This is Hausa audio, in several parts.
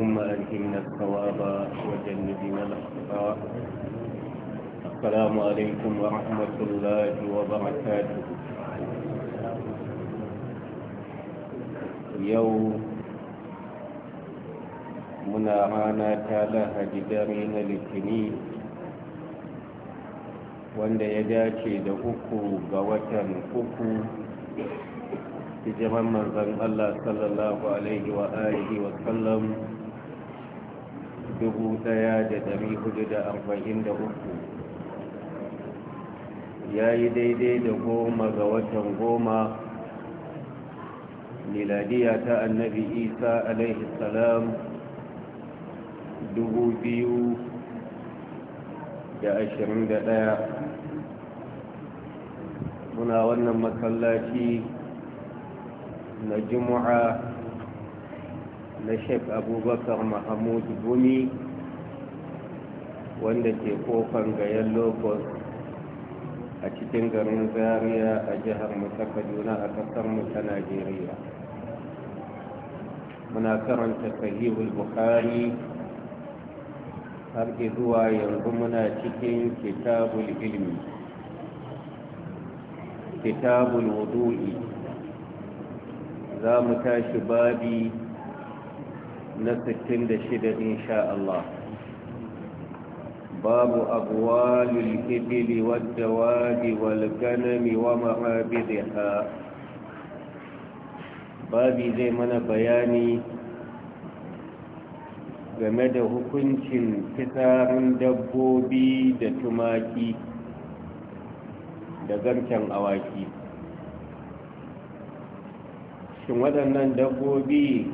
اللهم ألهمنا الثواب وجنبنا الأخطاء السلام عليكم ورحمة الله وبركاته يوم muna rana ta lahadi dare na litini wanda ya dace da uku ga watan uku hijiran manzan allah wa wa dubu ɗaya da dari hudu da arba'in da uku ya yi daidai da goma ga watan goma miladiya ta annabi isa alaihi salam dubu biyu da ashirin da ɗaya muna wannan masallaci na juma'a na shek abubakar mahamud gumi wanda ke kofar gayen locust a cikin garin zaria a jihar ta kaduna a ƙasarmu ta najeriya muna karanta sahihul bukhari har zuwa yanzu muna cikin kitabul ilmi kitabul wudu'i za mu tashi babi na 66 insha Allah باب أبوال الإبل والدواب والغنم ومعابدها babi zai mana bayani game da hukuncin fitarin dabbobi da tumaki da garken awaki shin waɗannan dabbobi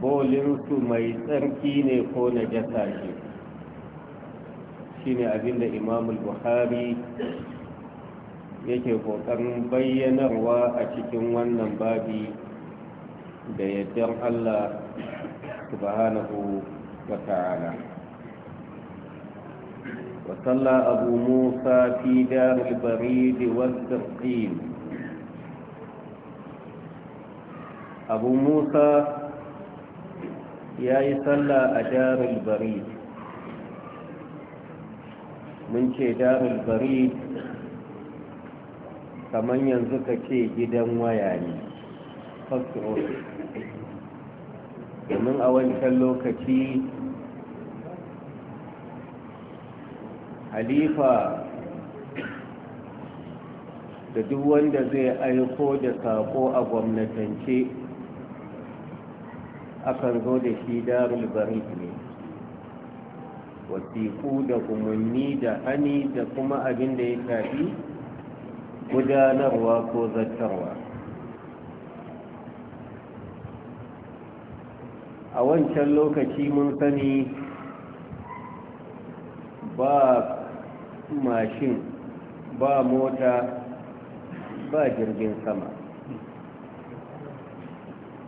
bolinsu mai tsarki ne ko na jasa shi Shi ne abinda imamul buhari yake kokarin bayyanarwa a cikin wannan babi da yaddan allah subhanahu wa ta'ala وصلى أبو موسى في دار البريد والسرقين أبو موسى ya yi sallah a darul bari mun ce darul bari kamar yanzu ka ce gidan waya ne domin a wancan lokaci halifa da duk wanda zai aiko da sako a gwamnatance akan zo da shi darul barid ne wasiƙu da umarni da hani da kuma abin da ya tafi gudanarwa ko zartarwa a wancan lokaci mun sani ba mashin ba mota ba jirgin sama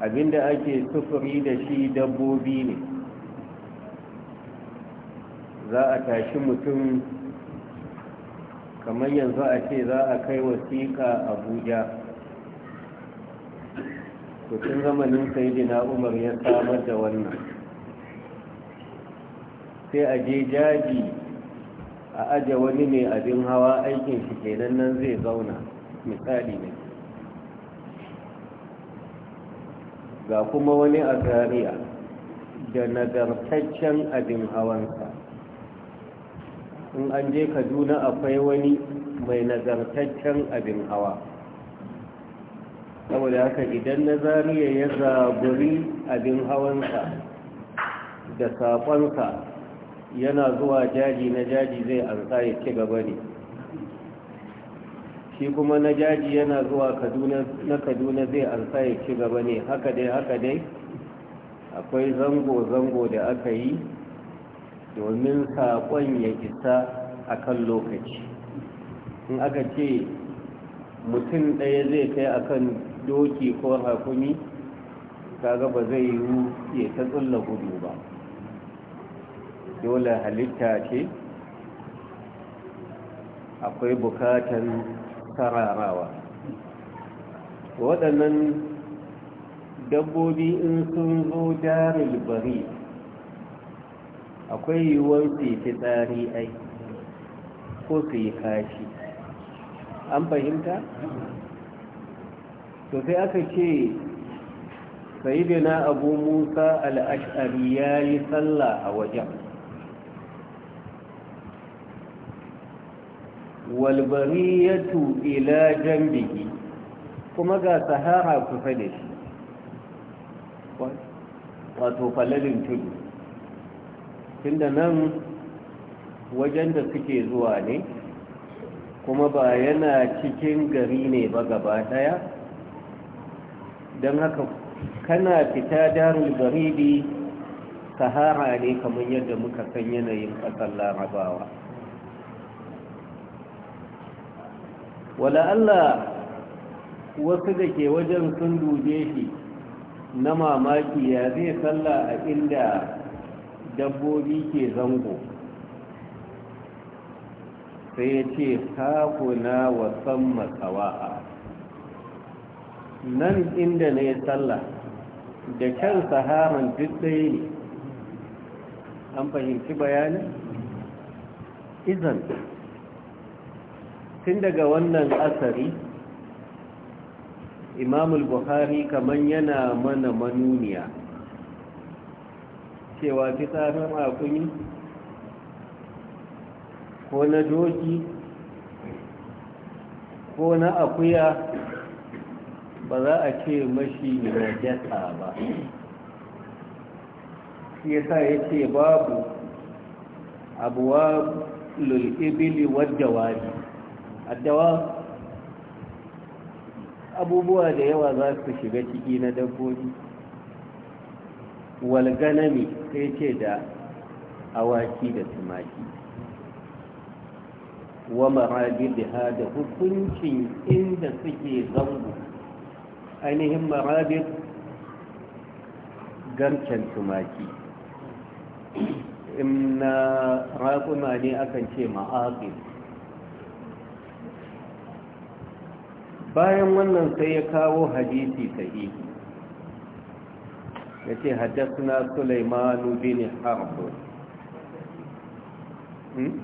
abinda ake sufuri da shi dabbobi ne za a tashi mutum kamar yanzu a ce za a kai wasiƙa abuja tutun zamanin na umar ya samar da wannan sai a je jaji a aje wani mai abin hawa aikin shi kenan nan zai zauna misali ne ga kuma wani a zariya da nagartaccen abin hawansa in an je kaduna akwai wani mai nagartaccen abin hawa saboda haka idan na zariya ya zaburi abin hawansa da saƙonsa yana zuwa jaji na jaji zai ansa ya ci gaba ne shi kuma na jaji yana zuwa na kaduna zai ansa ya ci gaba ne haka dai haka dai akwai zango-zango da aka yi domin saƙon ya isa a kan lokaci in aka ce mutum ɗaya zai kai akan doki ko hakuni kaga ba zai yiwu ya ta tsulla gudu ba dole halitta ce akwai bukatan kwarararawa waɗannan dabbobi in sun zo darul bari akwai yiwuwar su tsari ai ko su yi kashi an fahimta? to sai aka ce na abu musa al'ashari ya yi sallah a wajen walbariyatu ila jambihi kuma ga sahara kusa da shi wato falalin tudu tunda nan wajen da suke zuwa ne kuma ba yana cikin gari ne ba gaba daya don haka kana fita darul garidi sahara ne kamar yadda muka san yanayin ƙasar larabawa wala Allah wasu da ke wajen sun dube shi na mamaki ya zai salla a inda dabbobi ke zango sai ya ce kakuna wasan matsawa'a nan inda na yi salla da kyan saharan duk ne an fahimci bayani izan tun daga wannan asari imamul buhari kaman yana mana manuniya cewa tsarin akuni ko na doki ko na akuya ba za a ce mashi najasa ba shi yasa ya ce babu abuwa lul'ibili wadda wani addawa abubuwa da yawa za su shiga ciki na dabbobi walganami sai ce da awaki da tumaki wa marabidiha da hukuncin inda suke zango ainihin marabid garken tumaki in na raƙuma ne akan ce ma'aƙin bayan wannan sai ya kawo hadisi sahihi ya ce haddasa sulaimanu bin harbu hmm?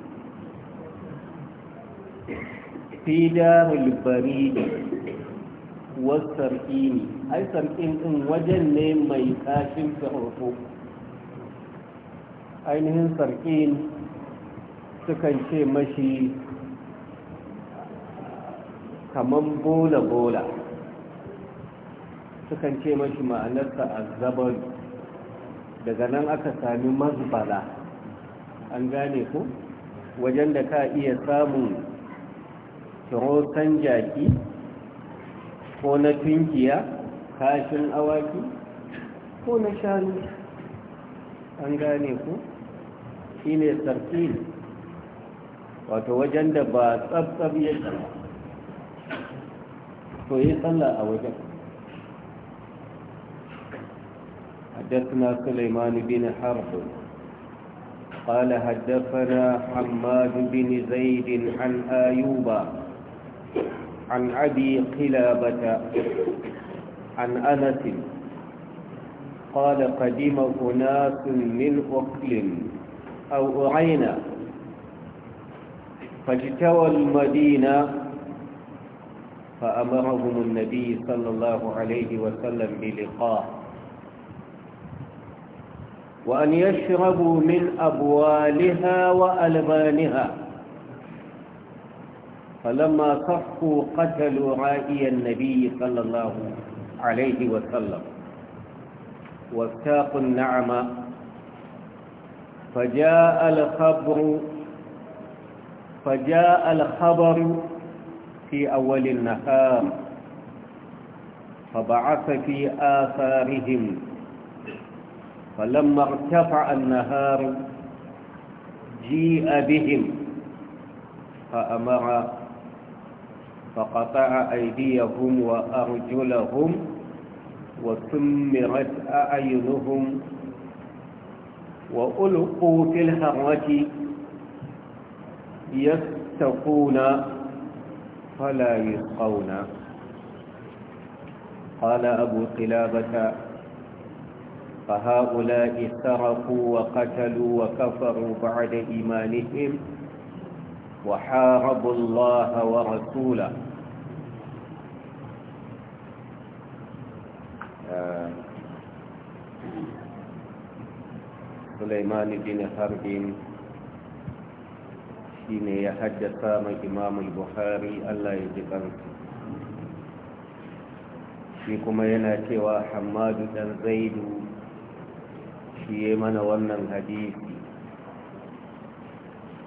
fi darul baridi wasar'ini ai sar'in din wajen ne mai kashin farko ainihin sar'in sukan ce mashi kaman bola-bola sukan ce mashi ma'anarsa azzabar daga nan aka sami mazbala an gane ku wajen da ka iya samun kirosan jaki ko na tunkiya kashin awaki ko na shanu an gane ku shine sarfil wato wajen da ba tsabtsab yake ba to yi sallah a wajen حدثنا سليمان بن حرب قال حدثنا حماد بن زيد عن آيوب عن أبي قلابة عن أنس قال قدم أناس من أقل أو أعينة فاجتوى المدينة فأمرهم النبي صلى الله عليه وسلم بلقاء وأن يشربوا من أبوالها وألبانها فلما صفوا قتلوا رائي النبي صلى الله عليه وسلم واستاقوا النعمة فجاء الخبر فجاء الخبر في أول النهار فبعث في آثارهم فلما ارتفع النهار جيء بهم فأمر فقطع أيديهم وأرجلهم وثمرت أعينهم وألقوا في الهرة يستقون فلا يلقون قال أبو قلابة فهؤلاء سرقوا وقتلوا وكفروا بعد إيمانهم وحاربوا الله ورسوله آه، سليمان بن حرب shine ya haddasa mai imamul buhari allah ya ji ƙarfi shi kuma yana cewa hamadu ɗan zaidu shi ya mana wannan hadisi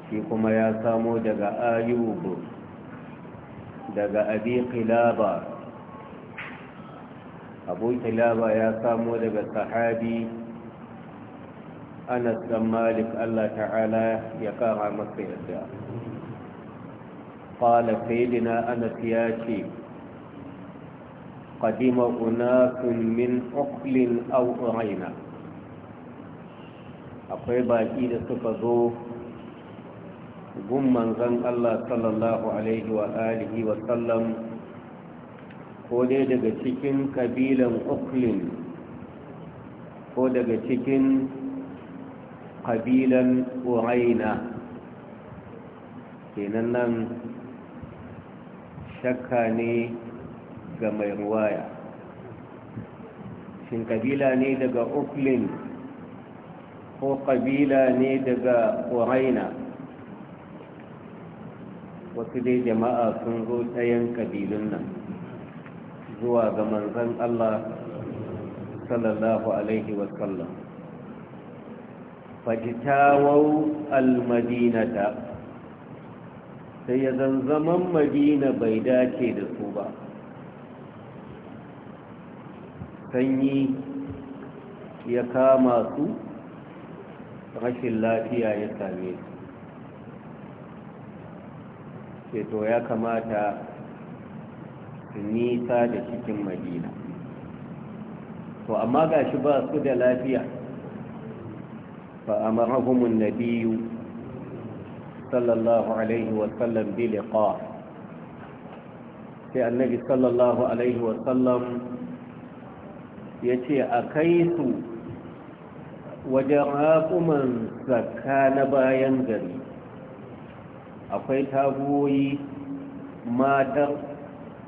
shi kuma ya samo daga ayubu daga abi kilaba abu kilaba ya samo daga sahabi anas dan malik allah ta'ala ya kara masa yadda قال سيدنا أنس ياتي قدم أناس من أقل أو أرينا akwai baƙi da suka zo gun zan Allah sallallahu Alaihi wa alihi wa sallam ko dai daga cikin kabilan Oakland ko daga cikin ƙabilan ƙuraina ke nan shakka ne ga mai ruwaya shin ƙabila ne daga oakland ko ƙabila ne daga ƙuraina wasu dai jama'a sun zo ɗayan yin ƙabilun nan zuwa ga manzan allah sallallahu alaihi wasallam fajitawau ta, sai ya zanzaman madina bai dace da su ba sanyi ya kama su rashin lafiya ya same su ceto ya kamata su nisa da cikin madina to amma ga shi ba su da lafiya فأمرهم النبي صلى الله عليه وسلم بلقاء sai annabi sallallahu alaihi wasallam ya ce a kai su wajen haƙuman zakka na bayan gari akwai tagoyi matar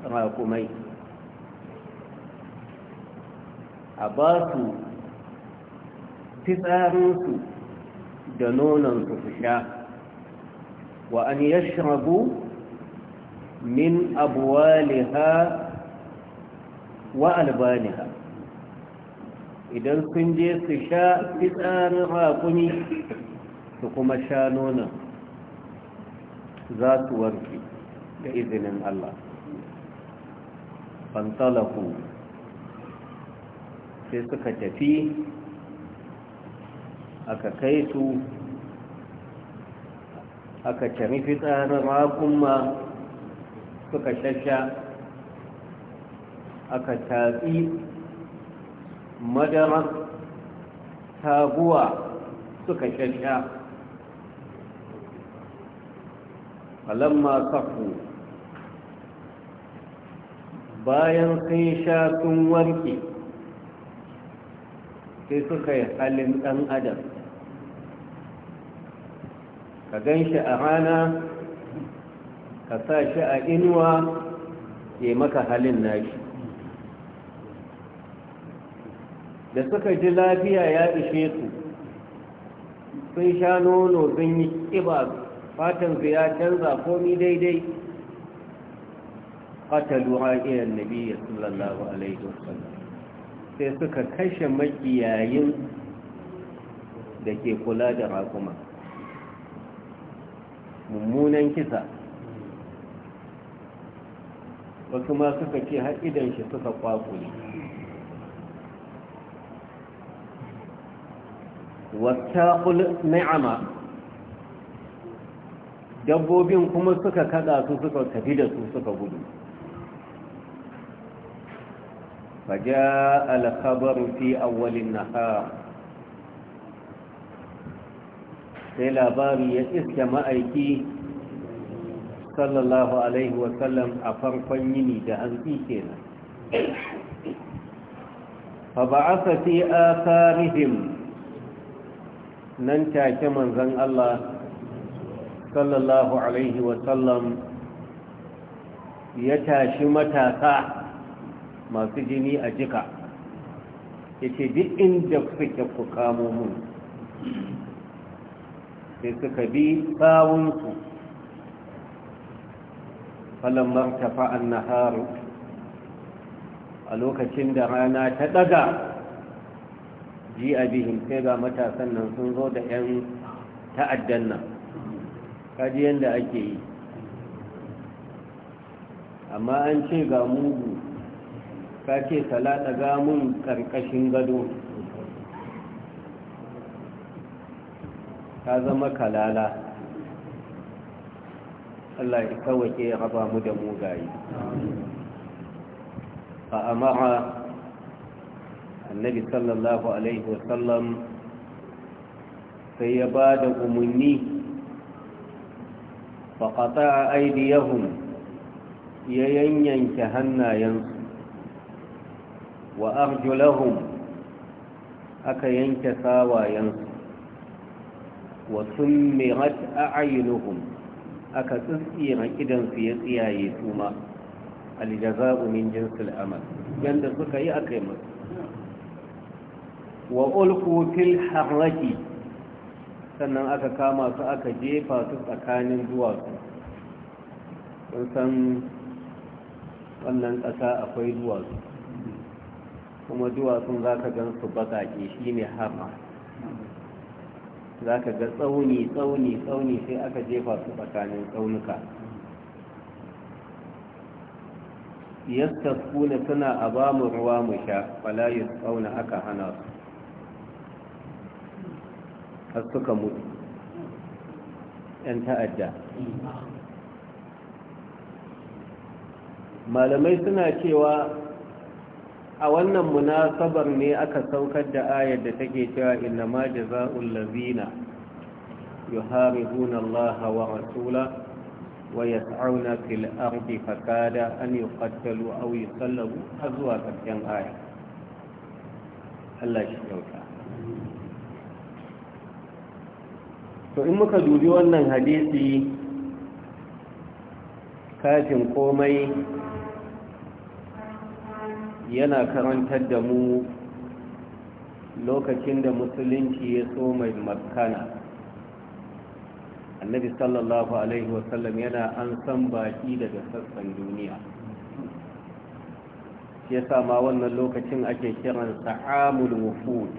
raƙumai a basu. fitsarinsu da nonansu su sha wa an yashrabu min abuwaliha wa albaniha idan sun je su sha fitsarin hakuni su kuma sha nonon za su warke da izinin Allah fantalaku sai suka tafi aka kai su aka cari fitsarin rakunma suka shasha aka tatsi madarar taguwa suka shasha falamma safu bayan sun sha sun warke sai suka yi halin ɗan adam ka gan shi a rana ka sa shi a inuwa ke maka halin nashi da suka ji lafiya ya ishe su sun sha nono sun yi ƙiba fatan su ya canza komi daidai ƙatalu haƙiyar nabi sallallahu alaihi wasallam sai suka kashe makiyayin da ke kula da raƙuma mummunan kisa wasu ma suka ce har idan shi suka kwakule wataƙul ni'ama dabbobin kuma suka kada su suka tafi da su suka gudu faja alkhabaru fi awwalin nahar sai labari ya iska ma'aiki sallallahu alaihi wasallam a farkon yini da hanzi kenan fa ba'atha fi atharihim nan take manzan Allah sallallahu alaihi wasallam ya tashi matasa masu jini a jika ya ce duk inda suke kuka kamo sai suka bi sawunsu falamar tafa annaharu a lokacin da rana ta daga ji a bihin sai ga matasan nan sun zo da 'yan ta'addan nan kaji yadda ake yi amma an ce ga mugu ka ce salata ga mun karkashin gado Ta zama kalala Allah ya kawake ya raba mu da mugaye fa amara annabi sallallahu alaihi wasallam sai ya ba da umarni faƙata a aidiyahun ya yanyanke hannayensu wa arjulahum aka yanke sawayensu wa summirat a'yunuhum aka tsintsira idan su ya tsiyaye su ma aljaza'u min jinsil amal suka yi aka yi musu wa ulqu harraki sannan aka kama su aka jefa su tsakanin duwatsu sun san wannan ƙasa akwai duwatsu kuma duwatsun za ka gan su baƙaƙe shi ne hama za ka ga tsauni tsauni tsauni sai aka jefa su tsakanin tsaunuka yastaskuna suna a ba mu ruwa mu sha fala tsauna aka hana su har suka mutu yan ta'adda malamai suna cewa a wannan munasabar ne aka saukar da ayar da take cewa inna ma jaza'ul ladina yuharibuna Allah wa rasula wa yas'auna fil ardi fakada an yuqtalu aw yusallabu azwa karshen aya Allah shi dauka to in muka dubi wannan hadisi kafin komai yana karantar da mu lokacin da musulunci ya so mai makana annabi sallallahu alaihi wasallam yana an san baki daga sassan duniya ya ma wannan lokacin ake kiran sa'amul wufud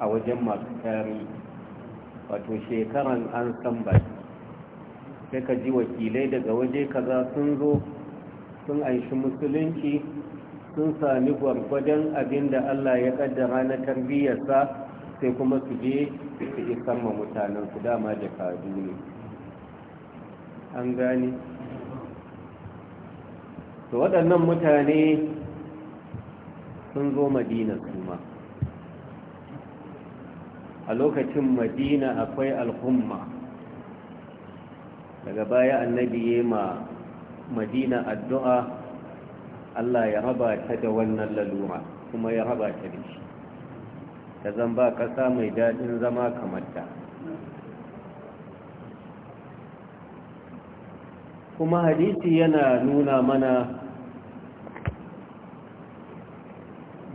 a wajen masu tari wato shekaran an san baki sai ka ji wakilai daga waje kaza sun zo sun aishi musulunci sun sami gwargwadon abin da Allah ya kaddara na tarbiyyarsa sai kuma su je su isan ma mutanen su dama da kadu ne an gani to waɗannan mutane sun zo madina kuma a lokacin madina akwai al'umma daga baya annabi ya ma madina addu'a Allah ya raba ta da wannan lalura kuma ya raba ta da shi ta zan ba ƙasa mai daɗin zama kamar ta kuma hadisi yana nuna mana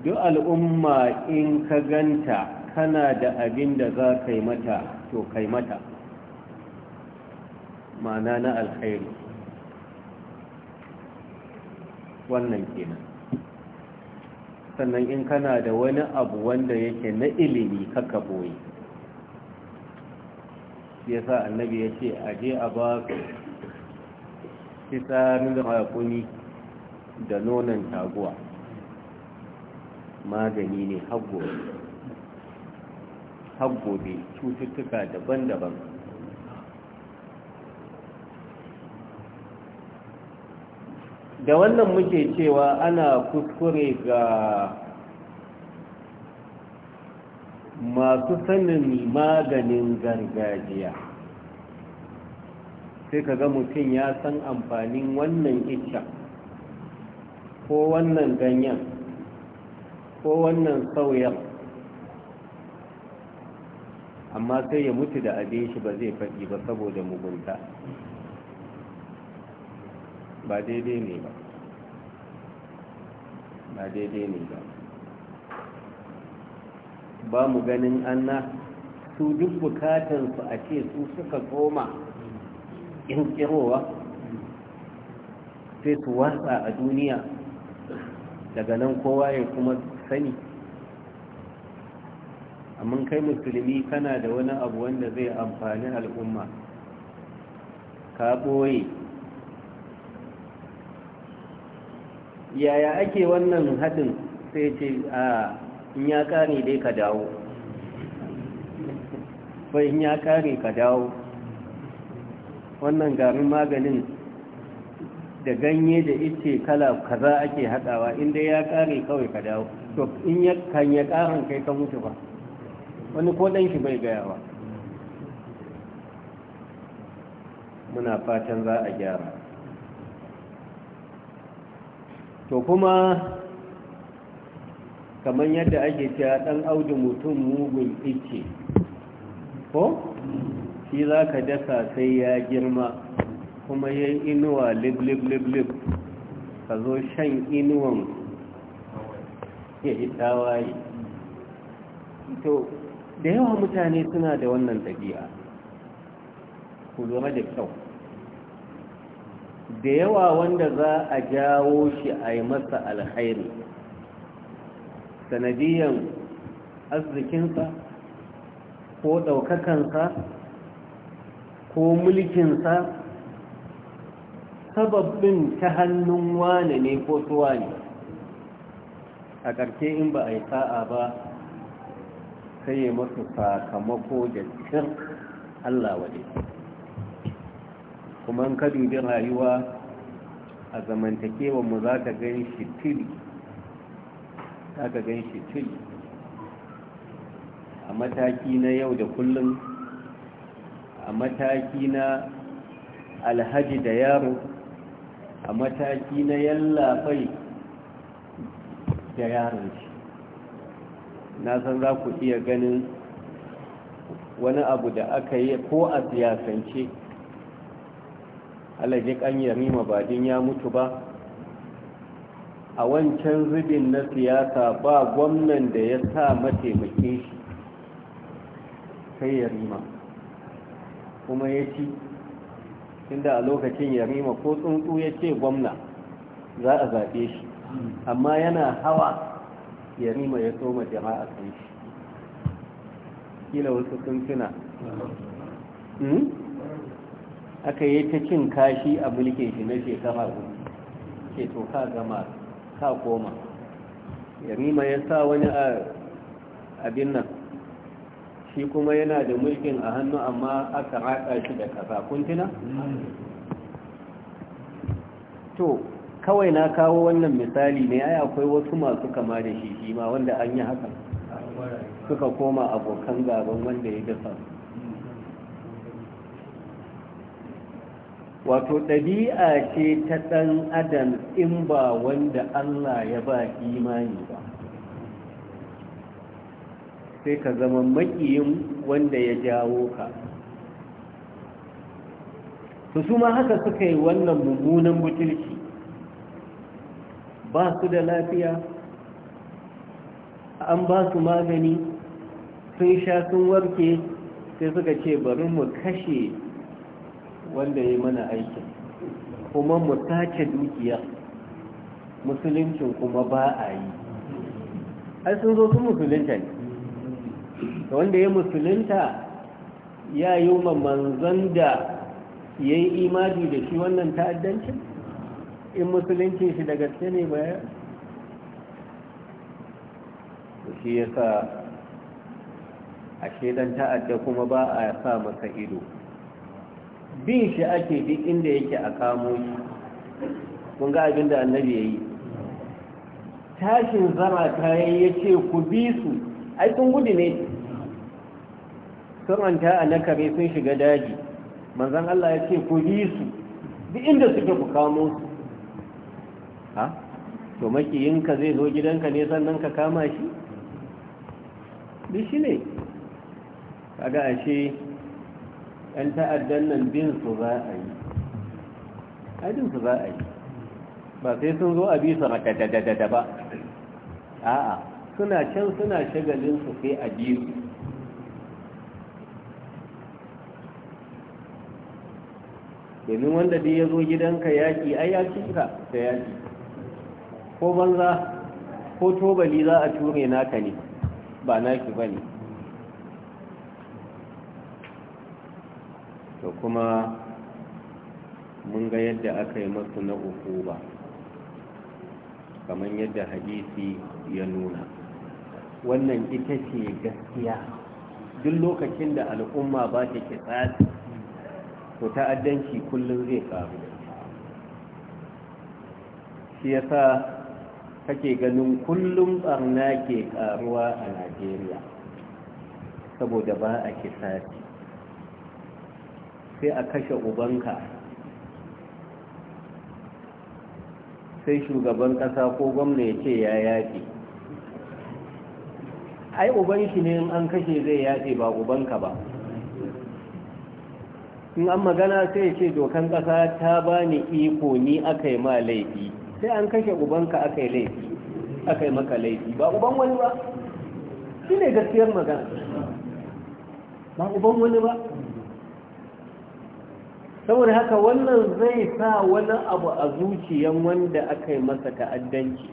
duk al'umma in ka ganta kana da abin da za ka yi mata to kai mata ma'ana na alkhairu wannan kenan sannan in kana da wani abu wanda yake na ilimi kaka boye ya sa annabi ya ce a je a ba kisanin haƙuni da nonon taguwa magani ne haggobe cututtuka daban-daban da wannan muke cewa ana kuskure ga masu sanin maganin gargajiya sai ka ga mutum ya san amfanin wannan icca ko wannan ganyen ko wannan sauyar amma sai ya mutu da abin shi ba zai faɗi ba saboda mugunta ba daidai ne ba ba daidai ne ba ba mu ganin anna su duk bukatansu a ce su suka koma ƙirƙirowa sai su watsa a duniya daga nan kowa ya kuma sani amma kai musulmi kana da wani abu wanda zai amfani al'umma ka ɓoye yaya ake wannan haɗin sai ce a in ya kare dai ka dawo bai ya kare ka dawo wannan garin maganin da ganye da ice kala kaza ake hadawa inda ya kare kawai ka dawo to in ya kan ya karan kai ka mutu ba wani ko ɗan shi bai gayawa muna fatan za a gyara to kuma kamar yadda ake cewa ɗan audu mutum mugun ice ko shi za ka dasa sai ya girma kuma ya yi inuwa lib ka zo shan inuwan ya yi tawaye to da yawa mutane suna da wannan tafiya? ku zama da kyau da yawa wanda za a jawo shi a yi masa alhairi sanadiyan arzikinsa ko ɗaukakansa ko mulkinsa sababbin ta hannun wane ne ko tuwa ne a ƙarshe in ba a yi sa'a ba sai ya masu sakamako da cikin Allah ne. kuma ka dubi rayuwa a zamantakewar mu za ka gan shi za ka gan shi a mataki na yau da kullum a mataki na alhaji da yaro a mataki na yallaɓai da yaron shi na san za ku iya ganin wani abu da aka yi ko a siyasance alajik an yarima badin ya mutu ba a wancan zubin na siyasa ba gwamnan da ya sa mataimakin shi sai yarima kuma ya ci inda a lokacin yarima ko tsuntsu ya ce gwamna za a zaɓe shi amma yana hawa yarima ya tsoma jama'a kan shi kila wasu sun aka yi ta cin kashi a mulkin shi na shekara hudu Ke to ka gama ka koma yarima ya sa wani abin nan shi kuma yana da mulkin a hannu amma aka raka shi da kasa kuntina to kawai na kawo wannan misali ne ai akwai wasu masu kama da shi shi ma wanda an yi haka suka koma abokan gaban wanda ya dafa. su wato ɗabi'a ce ta ɗan adam in ba wanda Allah ya ba imani ba sai ka zama maƙiyin wanda ya jawo ka su su ma haka suka yi wannan mummunan butulci ba su da lafiya an ba su magani sun sha sun warke sai suka ce bari mu kashe wanda ya mana aiki kuma mu sace dukiya musuluncin kuma ba a yi ai sun zo sun musulunta ne wanda ya musulunta ya yi wa manzon da ya yi imani da shi wannan ta'addancin in musulunci shi da gaske ne bayan? shi ya sa a shaidan ta'adda kuma ba a sa masa ido bin shi ake duk inda yake a kamo shi kun ga abin da annabi ya yi tashin zama kayan ya ce ku bi su ai sun gudu ne sun ta a nakare sun shiga daji manzan Allah ya ce ku bi su duk inda suke ku kamo su ha to makiyinka zai zo gidanka ne sannan ka kama shi bi shi ne kaga ashe 'yan ta'addan nan bin su za a yi abin su za a yi ba sai sun zo a bisa dadadada ba a'a suna can suna shagalin su sai a biyu domin wanda dai ya zo gidanka yaƙi a ya ta da yaƙi ko banza ko tobali za a ture naka ne ba naki ba ne to kuma mun ga yadda aka yi masu na uku ba kamar yadda hadisi ya nuna wannan ita ce gaskiya duk lokacin da al'umma ba ta ke tsati ko ta'addanci kullum zai faru shi ya yasa kake ganin kullum barna ke karuwa a najeriya saboda ba a kisati sai a kashe ubanka sai shugaban kasa ko gwamna ya ce ya yaƙi ai uban shi ne in an kashe zai yaƙi ba ubanka ba in an magana sai ce dokan kasa ta ba ni iko ni aka yi ma laifi sai an kashe ubanka aka yi laifi aka yi maka laifi ba uban wani ba shi ne gaskiyar magana ba uban wani ba saboda haka wannan zai sa wani abu a zuciyan wanda aka yi masa ta'addanci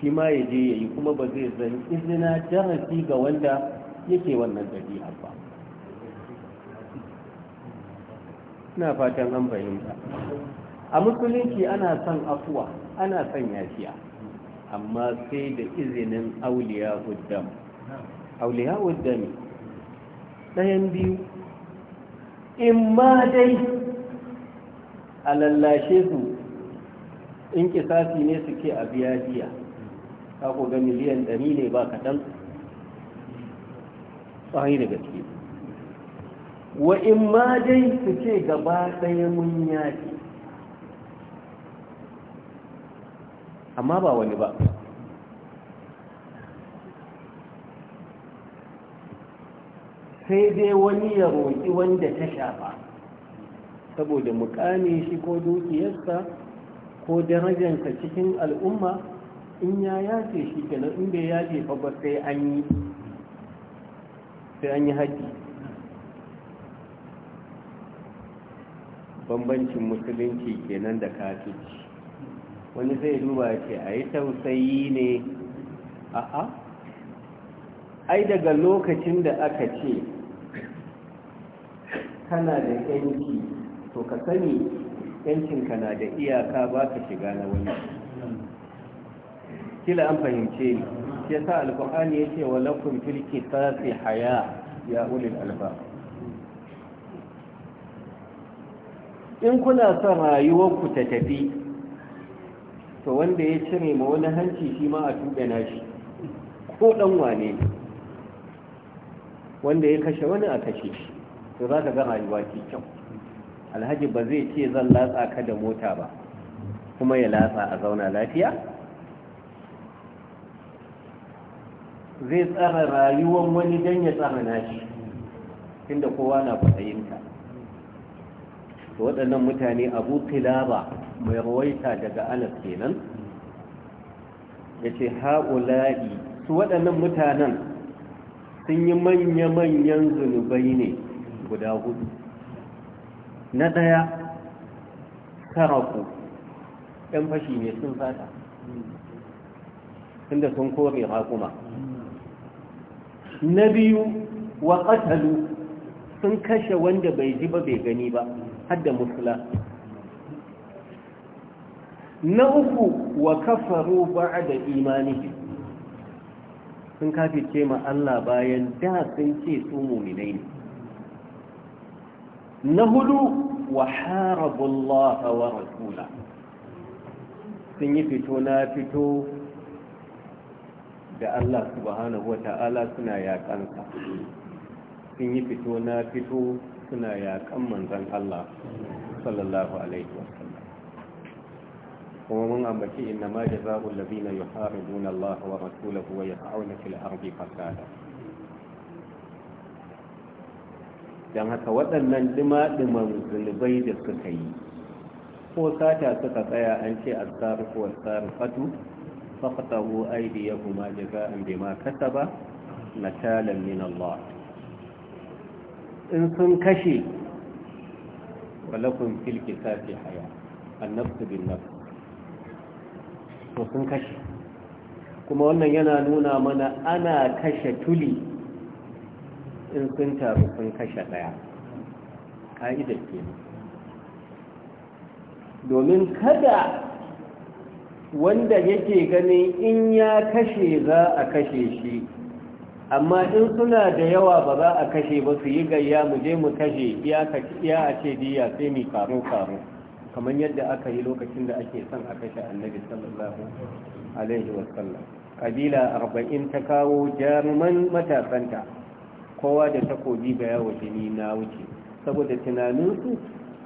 shi ma ya je ya yi kuma ba zai zan izina jarafi ga wanda yake wannan dabi'a ba ina fatan an fahimta a musulunci ana son afuwa ana son yafiya amma sai da izinin auliya huddam auliya huddami ɗayan biyu in ma dai a lallashe su in kisasi ne suke a biya jiya ta ga miliyan ɗari ne ba kaɗan tsari da gaske wa in ma dai su ce gaba ɗaya mun yaƙi amma ba wani ba sai dai wani ya roƙi wanda ta shafa saboda mukami shi ko dukiyarsa ko darajarsa cikin al'umma in ya yace shi kenan in ya yace fa ba sai an yi sai an yi haji bambancin musulunci kenan da kafici wani zai duba ce a yi tausayi ne a'a ai daga lokacin da aka ce kana da yanki to ka sani yankinka na da iyaka ba ka shiga na wani kila an fahimce ni ya sa alƙur'ani ya ce wa lakum fil kitabi haya ya ulil alba in kuna son rayuwar ku ta tafi to wanda ya cire ma wani hanci shi ma a tuɓe nashi ko dan wane wanda ya kashe wani a kashe shi to za ka ga rayuwa ke kyau alhaji ba zai ce zan latsa ka da mota ba kuma ya latsa a zauna lafiya zai tsara rayuwan wani don ya tsara nashi tunda kowa na fahimta to waɗannan mutane abu kilaba mai rawaita daga anas kenan ya ce haƙulaɗi su waɗannan mutanen sun yi manya-manyan zunubai ne guda hudu na ɗaya karaku ɗan fashi ne sun fata inda sun kore hakuma na biyu wa ƙasalu sun kashe wanda bai ji ba bai gani ba hadda musula na uku wa kafaru ba da imani sun kafi ma Allah bayan da sun ce su muminai ne na hudu wa harabullaha wa rasula sun yi fito na fito da Allah subhanahu wa ta'ala suna yaƙansa sun yi fito na fito suna yaƙan manzan Allah sallallahu alaihi wasallam kuma mun ambaci inna ma jaza'ul ladina yuharibuna Allah wa rasulahu wa yas'una fil ardi fasada don haka waɗannan dima-diman zunubai da suka yi ko sata suka tsaya an ce asaru ko asaru fatu faƙatahu aidi ya kuma jaga bai ma kasa ba na talan min Allah in sun kashe walakun filki safi haya annabtu bin nafsu to sun kashe kuma wannan yana nuna mana ana kashe tuli in sun taru sun kashe ɗaya ka'idar ke domin kada wanda yake ganin in ya kashe za a kashe shi amma in suna da yawa ba za a kashe ba su yi gayya mu je mu kashe ya a ce diya sai mai karo-karo kamar yadda aka yi lokacin da ake son a kashe annabi sallallahu alaihi wasallam kabila arba'in ta kawo jaruman matasanta kowa da takobi ga yawa jini na wuce saboda tunaninsu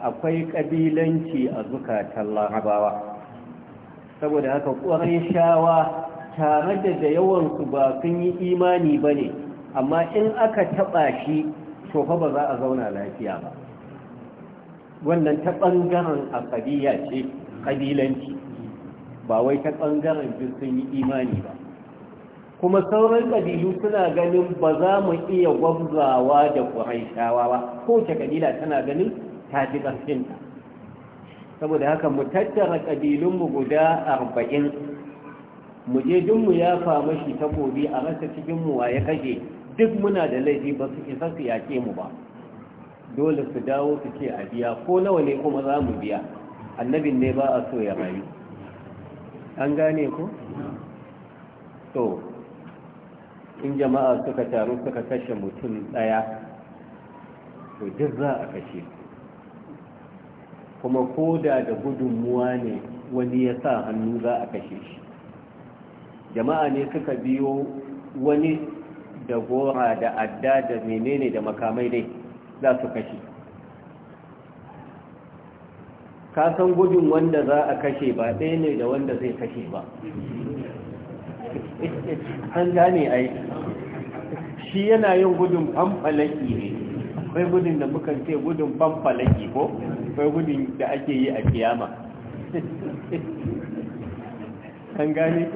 akwai ƙabilanci a zukatan larabawa saboda haka ƙwarai shawa tare da da yawansu ba sun yi imani ba ne amma in aka taɓa shi fa ba za a zauna lafiya ba wannan ta ɓangaren a ce ƙabilanci ba wai ta ɓangaren sun yi imani ba kuma sauran ƙabilu suna ganin ba za mu iya gwabzawa da ƙuraishawa ba kowace kabila tana ganin ta ji ƙarfinta saboda haka mu tattara ƙabilunmu guda arba'in mu je mu ya fama shi takobi a rasa cikinmu wa ya kage duk muna da laifi ba su isa su yaƙe mu ba dole su dawo su ce a biya ko nawa ne kuma za mu biya annabin ne ba a so ya rayu an gane ku? to in jama'a suka taru suka kashe mutum ɗaya to duk za a kashe kuma koda da gudunmuwa ne wani ya sa hannu za a kashe shi jama'a ne suka biyo wani da gora da adda da menene da makamai dai za su kashe kasan gudun wanda za a kashe ba ɗaya ne da wanda zai kashe ba an gane yi shi yana yin gudun banfalaki ne akwai gudun da muka ce gudun banfalaki ko akwai gudun da ake yi a kiyama an gane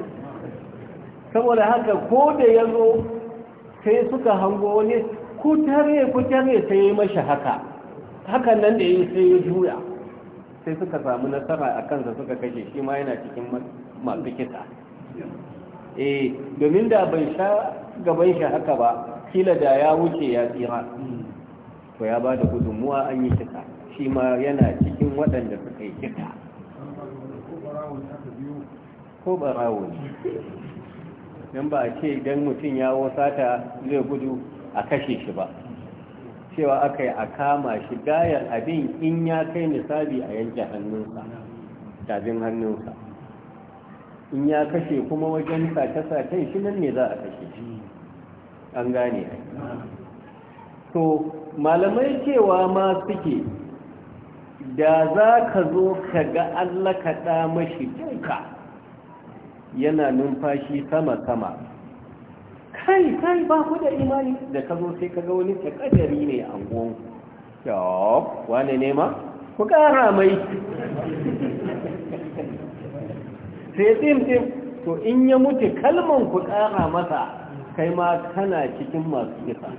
saboda haka ko da ya zo sai suka hango wani kutare kutare sai ya mashi haka hakan nan da ya sai ya juya sai suka samu nasara a kansa suka kashe shi ma yana cikin masu kisa eh domin da bai sha gaban shi haka ba kila da ya wuce ya tsira to ya ba da gudunmuwa an yi shika shi ma yana cikin waɗanda suka yi kika ko barawo ne don ba ce idan mutum ya wasata zai gudu a kashe shi ba cewa aka yi a kama shi gayar abin in ya kai misali a yanke hannunsa tafin hannunsa in ya kashe kuma wajen sace-sacen shi nan ne za a kashe shi an gane to malamai cewa ma suke da za ka zo ka ga allah kaɗa mashi duka yana numfashi sama-sama kai kai ba ku da imani da ka zo sai ka ga wani takadari ne a gonku wane ne ku ƙara mai sai tsim tsim to in ya mutu kalman ku ƙara masa kai ma kana cikin masu kisa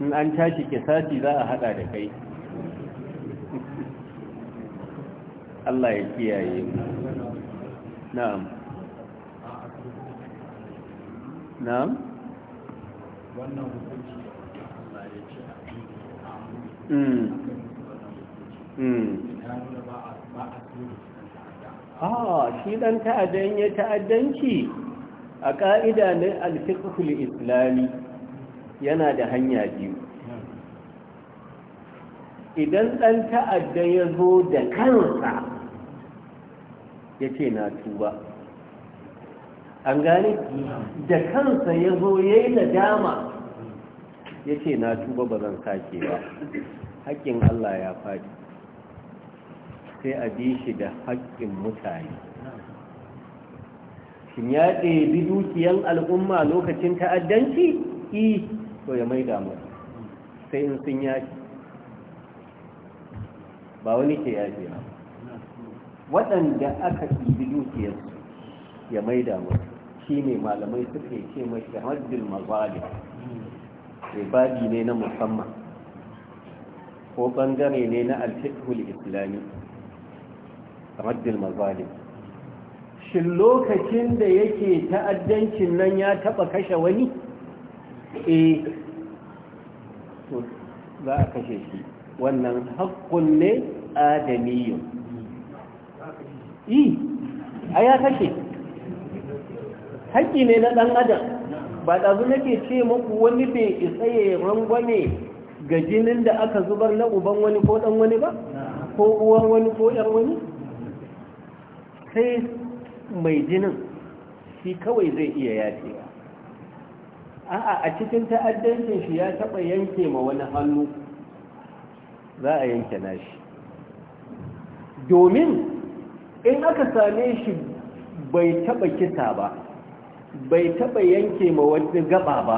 in an tashi kisati za a hada da kai Allah ya kiyaye mu na'am na'am wannan hukunci Allah ya ce mm mm ba a ba a Aa shi dan ta'addan ya ta'addanci a ƙa'ida na alfiqhul islami yana da hanya biyu idan dan ta'addan ya zo da kansa ya ce na tuba an gane da kansa ya zo ya yi nadama ya ce na tuba ba zan sake ba haƙƙin allah ya faɗi sai a bi shi da haƙƙin mutane shin ya ɗebi dukiyan al'umma lokacin ta'addanci i to ya mai damu sai in sun yaki ba wani ke yaƙi ba waɗanda aka ɗebi dukiyar ya mai damu shi ne malamai suka ce mashi haddul mazalim eh, babi ne na musamman ko ɓangare ne na alfiqhul islami raddil mazalim shin lokacin da yake ta'addancin nan ya taba kashe wani eh to za a kashe shi wannan haƙƙun ne adamiyyun i eh, a ya kashe haƙƙi ne na ɗan adam ba ɗazu nake ce muku wani bai isa ya rangwane ga jinin da aka zubar na uban wani ko ɗan wani ba ko uwan wani ko ‘yan wani sai mai jinin shi kawai zai iya yacewa a'a a cikin ta'addancin shi ya taɓa yanke ma wani hannu za a yanke nashi domin in aka same shi bai taɓa kisa ba bai taɓa yanke ma wani gaba ba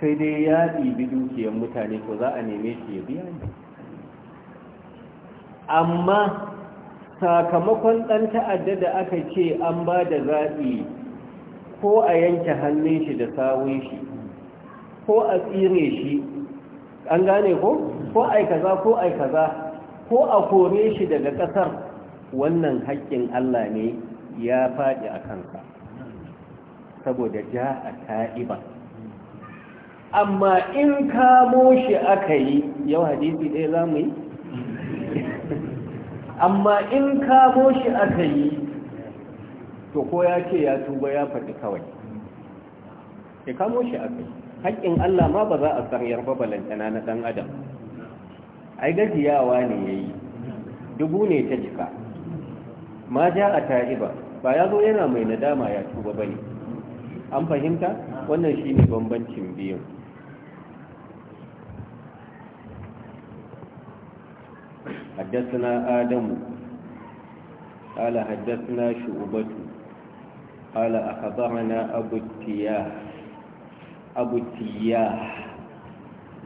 sai dai ya ɗibi dukiyar mutane ko za a neme shi ya biya ne amma sakamakon ɗan ta'adda da aka ce an ba da zaɓi ko a yanke hannun shi da sawun shi ko a tsire shi an gane ko ko aikaza ko aikaza ko a kore shi daga ƙasar wannan haƙƙin Allah ne ya faɗi a kanka saboda ja a ta'iba amma in kamo shi aka yi yau hadisi ɗaya za mu yi amma in kamo shi aka yi to ko ya ce ya tuba ya faɗi kawai ya kamo shi aka yi haƙƙin Allah ma ba za a sarayar babalantana na ɗan adam ai gajiyawa ne ya yi dubu ne ta jika ma ja a ta'iba ba ya zo yana mai nadama ya tuba ba ne an fahimta wannan shi ne bambancin biyun حدثنا آدم قال حدثنا شعبة قال أخبرنا أبو التياح أبو التياح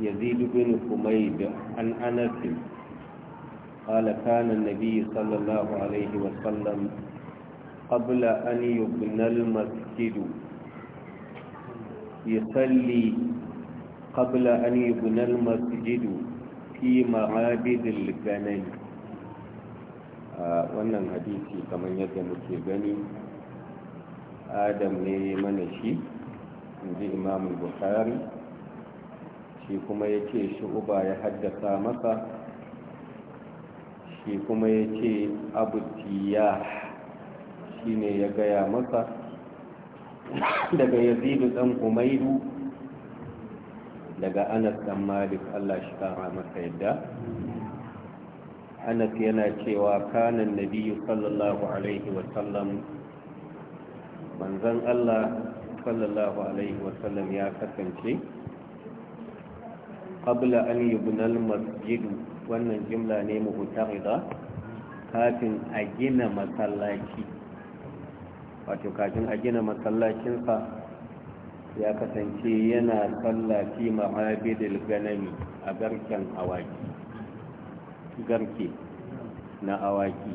يزيد بن حميد عن أنس قال كان النبي صلى الله عليه وسلم قبل أن يبنى المسجد يصلي قبل أن يبنى المسجد fi marabidil a wannan hadisi kamar yadda muke gani adam ne mana shi inji imamul bukhari shi kuma ya ce shi uba ya haddasa masa shi kuma ya ce abutiya shi ne ya gaya masa daga yazidu dan umairu daga anas dan malik allah shi kara masa yadda anas yana cewa kanan nabiyu sallallahu alaihi wasallam manzan allah sallallahu alaihi wasallam ya kasance qabla an yubnal masjid wannan jimla ne mutarida kafin a gina masallaci wato kafin a gina sa. ya kasance yana sallaci ma'abidil ganami a garken awaki garke na awaki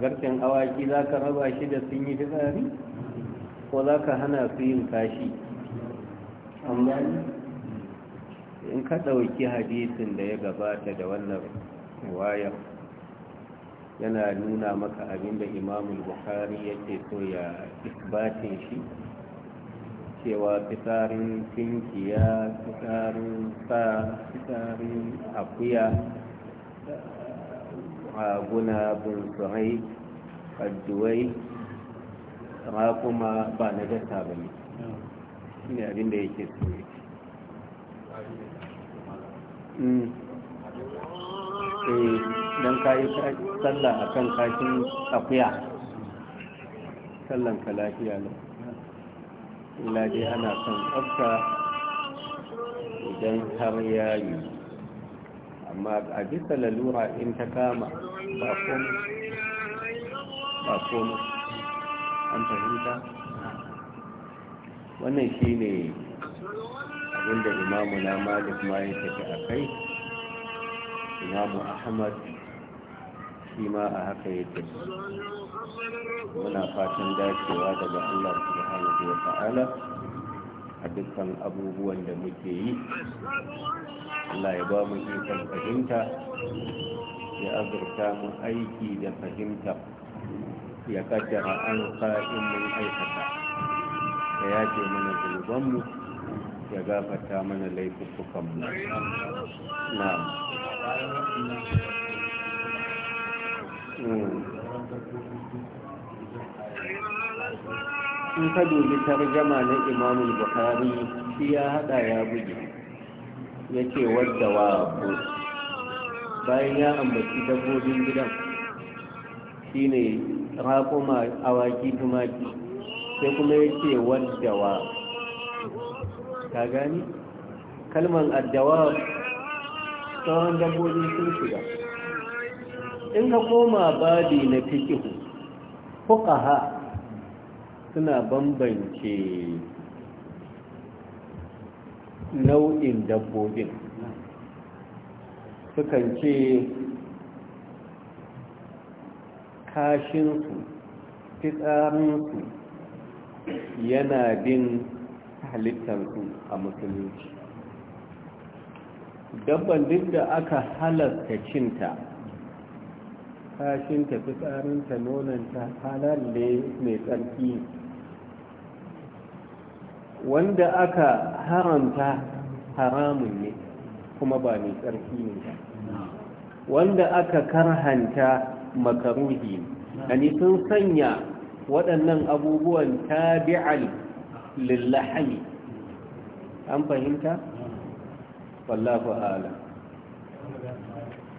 garken awaki za ka raba shi da sun yi fitsari ko za ka hana su yin kashi amma in ka ɗauki hadisin da ya gabata da wannan wayar yana nuna maka abinda imamul bukhari yake so ya isbatin shi cewa fitarin tinkiya fitarin sa fitarin akuya raguna bunsurai kajuwai kuma ba na jasa ba ne shi ne abin da yake so ya ce mm. eh, don ka yi sallah a kan kashin akuya sallan ka lafiya lau illa dai ana son tsafta idan har ya yi amma a bisa lalura in ta kama ba ba komi an fahimta wannan shi ne abinda imamu na malik ma ya tafi a kai imamu ahmad shi ma a haka ya tafi muna fatan dacewa daga Allah subhanahu wa ta'ala a dukkan abubuwan da muke yi Allah ya ba mu ikon fahimta ya azurta mu aiki da fahimta ya kaddara an sa'in mun aikata ya yace mana zunubanmu ya gafata mana laifukukanmu na Mm. in ka dubi tarjama na Imam Bukhari shi ya hada ya buge ya ce wadda wa abu bayan ya ambaci dabbobin gidan shi ne raƙuma awaki tumaki sai kuma ya ce wadda wa ta gani kalman addawa tsawon dabbobi sun shiga in ka koma babi na fikihu ha. suna bambance nau'in dabbobin sukan ce kashinsu fitsarinsu yana bin halittarsu a musulunci dabban duk da aka halarta cinta kashinta fitsarinta nonanta halar ne mai tsarki wanda aka haramta haramun ne kuma ba mai tsarki ne wanda aka karhanta makaruhi ne sun sanya waɗannan abubuwan tabi'al lillahi an fahimta? wallahu ala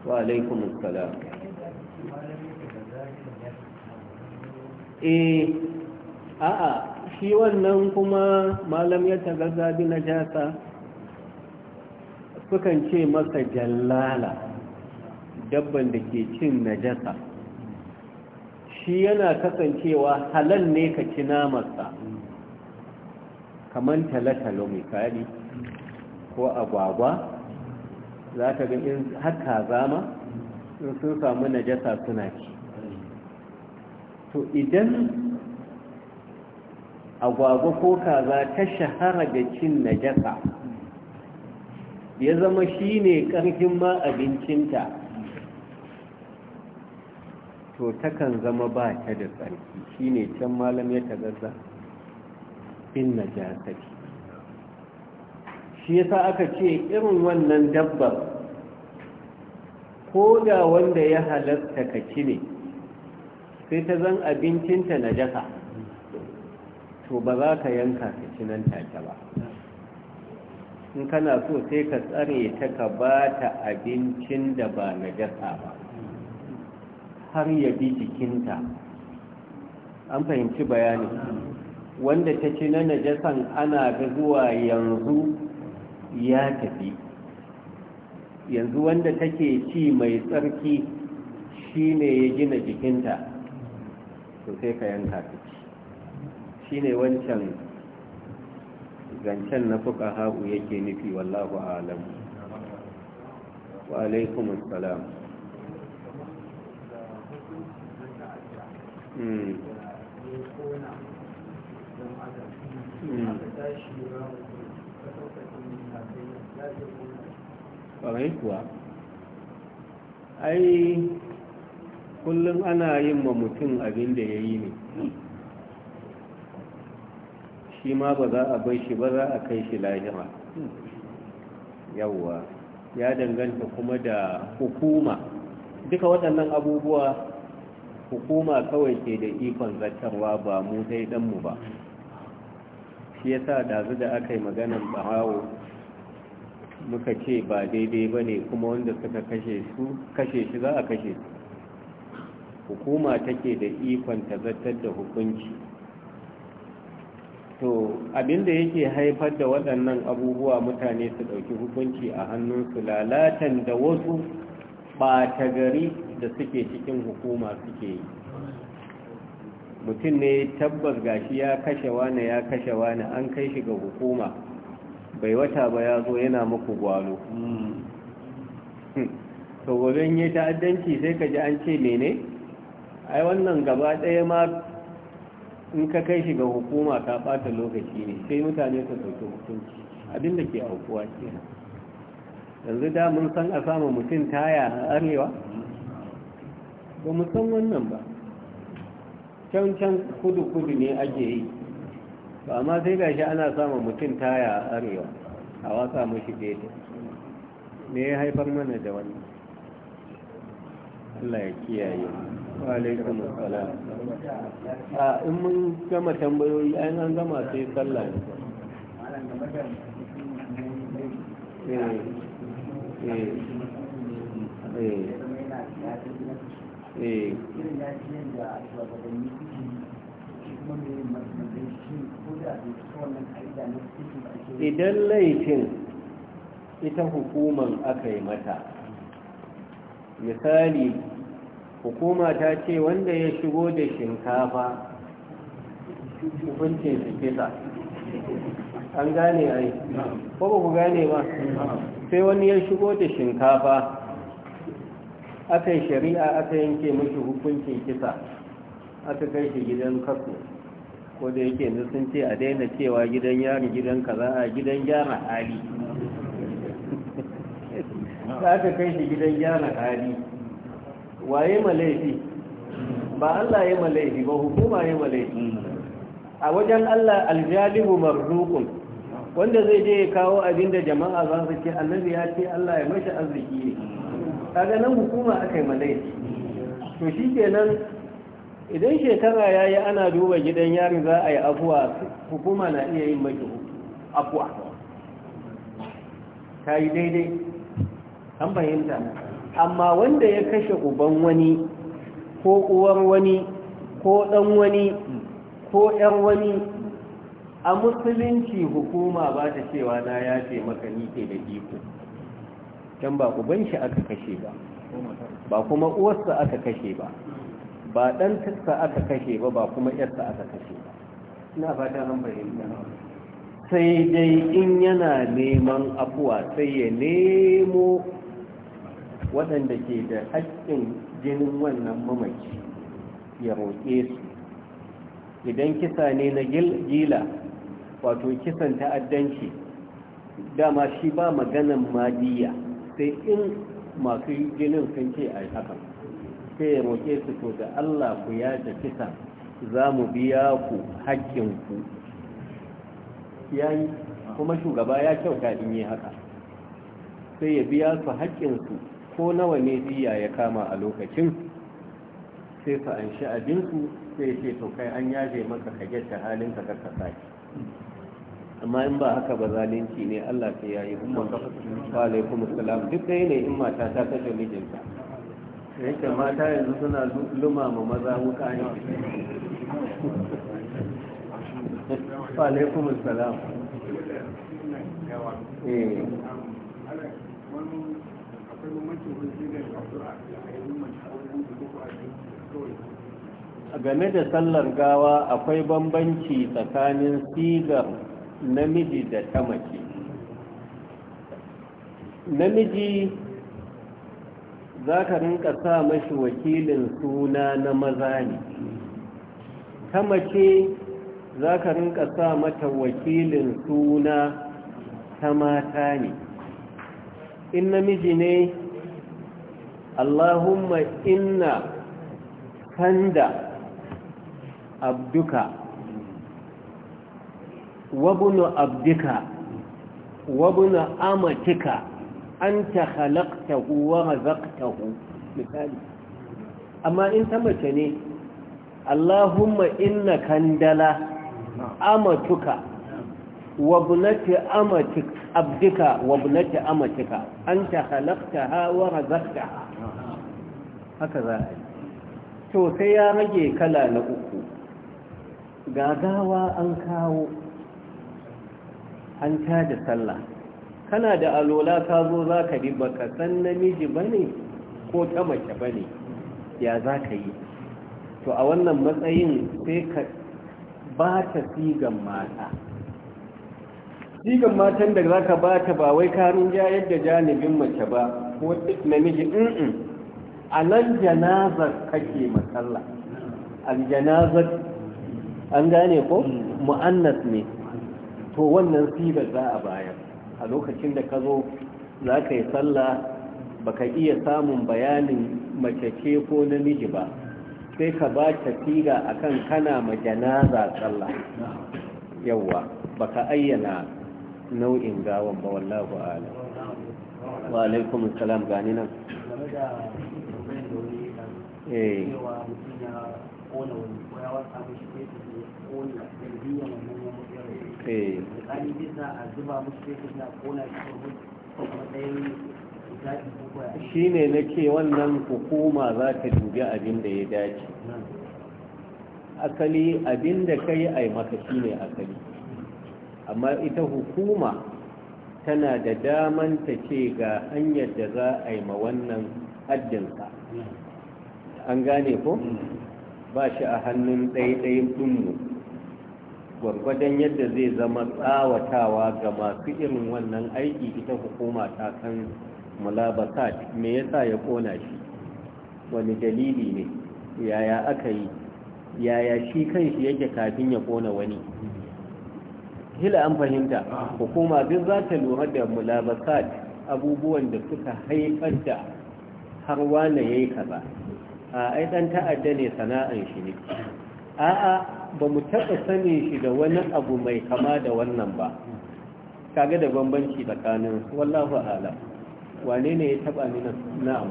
wa alaikum assalam eh a'a shi wannan kuma malam ya tagaza bi jasa, sukan ce masa jallala dabban da ke cin na jasa, shi yana kasancewa halal ne ka ci namarsa kamar talatalo kari ko agwagwa za ka ga in haka zama in sun samu na jasa suna ci to idan agwagwa ko kaza ta shahara da cin najasa ya zama shi ne ƙarfin ma abincinta to takan zama ba ta da tsarki shi ne can malam ya tagaza in najasa shi yasa aka ce irin wannan dabbar ko da wanda ya halatta ka ci ne sai ta zan abincinta najasa to ba za ka yanka ka ci nan take ba in kana so sai ka tsare ta ka ba ta abincin da ba na gasa ba har ya bi jikinta an fahimci bayani wanda ta ci na najasan ana ga zuwa yanzu ya tafi yanzu wanda take ci mai tsarki shine ya gina jikinta to sai ka yanka ta ci Shi ne wancan zancen na fuka haku yake nufi wallahu alam wa alaikum salam hmm. hmm. ai kullum ana yin ma mutum abin da ya yi ne shi ma ba za a bai shi ba za a kai shi lahira yawwa ya danganta kuma da hukuma duka waɗannan abubuwa hukuma kawai ke da ikon zartarwa ba mu dai ba shi yasa dazu da aka yi maganan bahawo muka ce ba daidai ba ne kuma wanda suka kashe shi za a kashe su hukuma take da ikon ta zartar da hukunci to abinda yake haifar da waɗannan abubuwa mutane su ɗauki hukunci a hannunsu lalatan da wasu ɓata gari da suke cikin hukuma suke yi mutum ne tabbas gashi ya kashe wani ya kashe wani an kai shi ga hukuma bai wata ba ya zo yana muku gwalo to gobe ya ta'addanci sai ka ji an ce ne ai wannan gaba ɗaya ma in ka kai shi ga hukuma ka bata lokaci ne sai mutane su sauke hukunci abinda ke aukuwa ke yanzu da mun san a samu mutum taya a arewa ba mu san wannan ba can can kudu kudu ne ake yi ba amma sai gashi ana samun mutum taya a arewa a watsa mashi fetur me ya haifar mana da wannan Allah ya kiyaye mu alaikum a in mun gama tambayoyi a an gama sai sallah ne eh, eh, eh, idan laifin ita hukuman aka yi mata misali hukuma ta ce wanda ya shigo da shinkafa hukuncin su kisa an gane ai ko ba ku gane ba sai wani ya shigo da shinkafa aka yi shari'a aka yanke mashi hukuncin kisa aka kai shi gidan kasu ko da yake yanzu sun ce a daina cewa gidan yari gidan kaza a gidan gyara hali za ka kai shi gidan gyara hali waye malaifi ba Allah ya malaifi ba hukuma ya malaifi a wajen Allah aljalibu marzuqun wanda zai je ya kawo abin da jama'a za su ce annabi ya ce Allah ya mashi arziki ne kaga nan hukuma akai malaifi to shikenan idan shekara ya yi ana duba gidan yari za a yi afuwa hukuma na iya yin maki afuwa ta yi daidai an fahimta na amma wanda ya kashe uban wani ko uwar wani ko ɗan wani ko ‘yan wani a musulunci hukuma ba ta cewa na ya ce maka nike da iko can ba uban shi aka kashe ba ba kuma uwarsa aka kashe ba ba ɗan tassa aka kashe ba ba kuma ‘yarsa aka kashe ba ina fata an fahimta sai dai in yana neman afuwa sai ya nemo waɗanda ke da haƙƙin jinin wannan mamaki ya roƙe su idan kisa ne na gila wato kisan ta'addanci dama shi ba maganan madiya sai in masu jinin sun ce a hakan sai ya roƙe su to da allah ku ya da kisa za mu biya ku haƙƙinku kuma shugaba ya kyauta in yi haka sai ya biya su haƙƙinsu ko nawa ne diya ya kama a lokacin sai su an shi abinku sai ce to kai an yaje maka ka gyata halin ka ka saki amma in ba haka ba zalunci ne Allah sai yayi umma wa alaikum assalam duk ɗaya ne in mata ta kashe mijinta yake mata yanzu suna lumama maza muka ne wa alaikum assalam eh game da sallar gawa akwai bambanci tsakanin sigar namiji da ta mace namiji za ka rinka sa mashi wakilin suna na maza ne ta mace za ka rinka sa mata wakilin suna ta mata ne in namiji ne allahumma inna kanda abduka wabunu abdika wabunu amatika anta khalaqtahu wa razaqtahu misali amma in ta mace ne allahumma inna kandala amatuka wabnati amatika abdika wa bulata amatika an ta halakta hawa haka za a yi to sai ya rage kala na uku gagawa an kawo an ta da sallah kana da alola ka zo za ka bi baka san namiji ba ne ko ta mace ba ne ya za ka yi to a wannan matsayin sai ka ba ta sigan mata sigan matan da za ka ba ta ba wai karin ja yadda janibin mace ba ko namiji a nan janazar kake matsala aljanazar an gane ko mm. mu'annas ne to wannan sigar za a bayar a lokacin da ka zo za ka yi sallah baka iya samun bayanin mace ce ko namiji ba sai ka ba ta siga akan kana ma majanaza sallah yawwa baka ayyana nau'in gawan ba wallahu ala wa alaikum salam gani nan eh, eh. shi ne na ke wannan hukuma za ta dubi abin da ya dace asali abin da ka yi a maka shi ne asali amma ita hukuma tana da daman ta ce ga hanyar da za a yi ma wannan addinka an gane ko ba shi a hannun ɗaiɗayin ɗinmu gwargwadon yadda zai zama tsawatawa ga masu irin wannan aiki ita hukuma ta kan mulabasat me yasa ya kona shi wani dalili ne yaya aka yi yaya shi kanshi yake kafin ya kona wani hila an fahimta hukuma duk za ta lura da mulabasat abubuwan da suka haifar da har wane ya yi kaza a aidan ta'adda ne sana'an shi ne a'a ba mu taɓa sani shi da wani abu mai kama da wannan ba kage da bambanci tsakanin wallahu ala wane ne ya taɓa ni na'am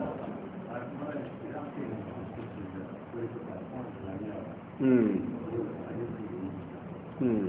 Hmm. Hmm.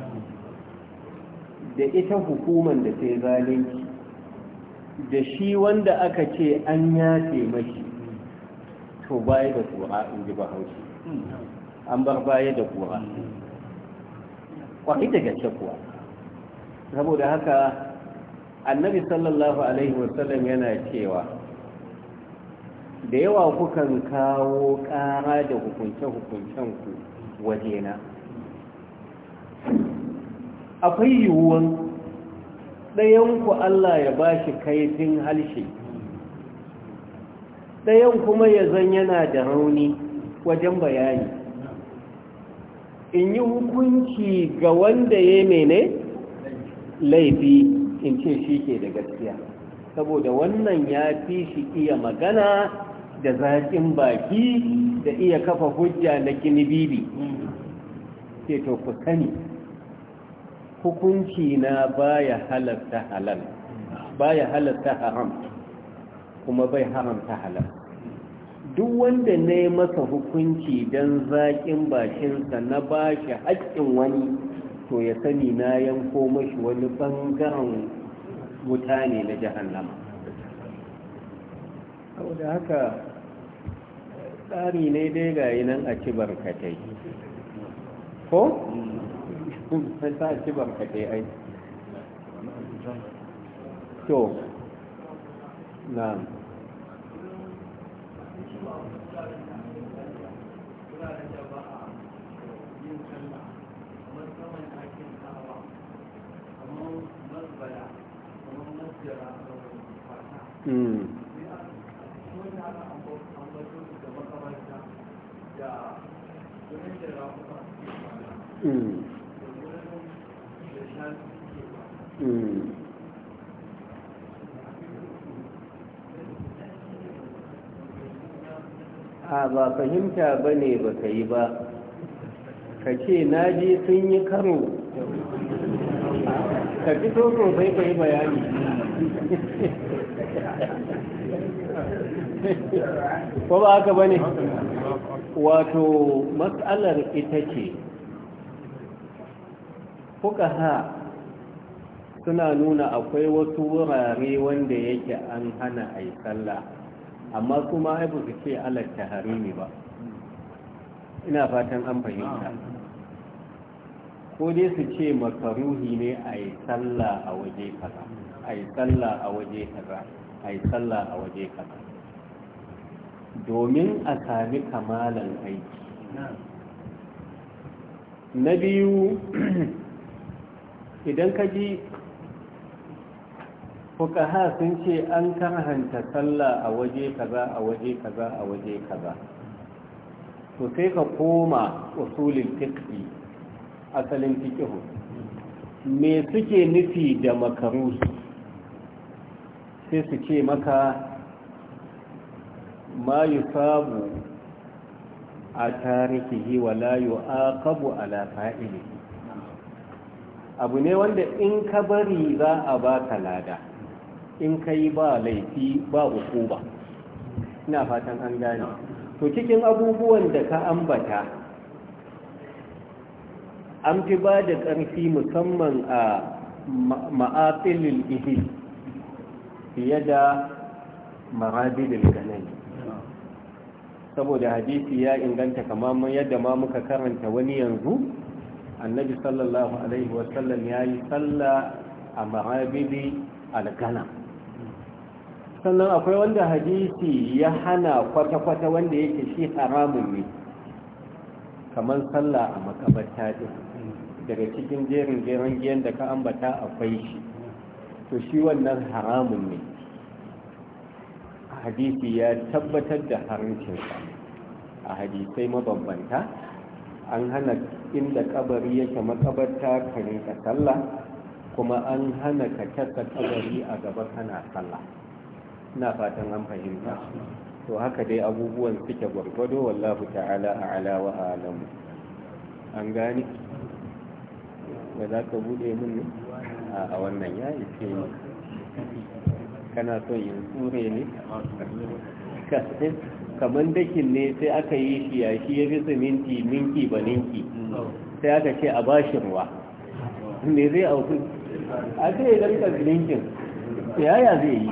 da ita hukuman da ta yi zalunci da shi wanda aka ce an yace mashi to baya da kura in ji bahaushe an bar baya da kura kwarai da gaske kuwa saboda haka annabi sallallahu alaihi wasallam yana cewa da yawa kukan kawo kara da hukunce ku wajena akwai yiwuwan ku Allah ya ba shi kaifin halshe ɗayan kuma ya zan yana da rauni wajen bayani in yi hukunci ga wanda ya mene laifi in ce shi ke da gaskiya saboda wannan ya fi shi iya magana da zaƙin baki da iya kafa hujja na kini bibi mm. ke to hukunci na baya halatta halal baya halatta haram kuma bai haramta halal duk wanda ne masa hukunci don zaƙin bakinsa na ba shi haƙƙin wani to ya sani na yanko mashi wani ɓangaren wuta ne na jahannama saboda haka tsari ne dai ga nan a ci barkatai ko sai sa ci barkatai ai to na Mm. Mm. a ba fahimta ba ne ba ka yi ba ka ce na ji sun yi karo ka fito sosai ka yi bayani ko ba aka ba ne wato matsalar ita ce fuka ha suna nuna akwai wasu wurare wanda yake an hana a sallah amma kuma ai su ce alatta harimi ba ina fatan an fahimta ko dai su ce makaruhi ne a yi sallah a waje kaza a yi sallah a waje kaza a yi sallah a waje kaza domin a sami kamalan aiki na biyu idan ka ji fukaha sun ce an karhanta sallah a waje kaza a waje kaza a waje kaza to sai ka koma usulin fiqhi asalin fiqhu me suke nufi da makaru sai su ce maka ma yusabu a tarikihi wala yu'aqabu ala fa'ilihi abu ne wanda in ka bari za a baka lada in kai ba laifi ba ba, ina fatan an gane to cikin abubuwan da ka ambata an fi ba da ƙarfi musamman a ma'afilin ihil fiye da marabilin ganin, saboda hadisi ya inganta kamaman yadda ma muka karanta wani yanzu annabi sallallahu alaihi wasallam ya yi salla a al algana sannan akwai wanda hadisi ya hana kwata-kwata wanda yake shi haramun ne kamar sallah a makabarta ɗin, daga cikin jerin jerin giyan da ka ambata akwai shi to shi wannan haramun ne hadisi ya tabbatar da haramcinsa a hadisai mabambanta an hana inda kabari yake makabarta ka sallah kuma an hana ka kasa kabari a gaba kana sallah ina fatan an fahimta to haka dai abubuwan suke gwargwado wallahu ta'ala a alawa a alamu an gani ba za ka bude mun a wannan ya ce ne kana son yin tsure ne kamar dakin ne sai aka yi shi ya shi ya fi siminti minki ba ninki sai aka ce a bashi ruwa me zai auku a sai ya rinka ninkin yaya zai yi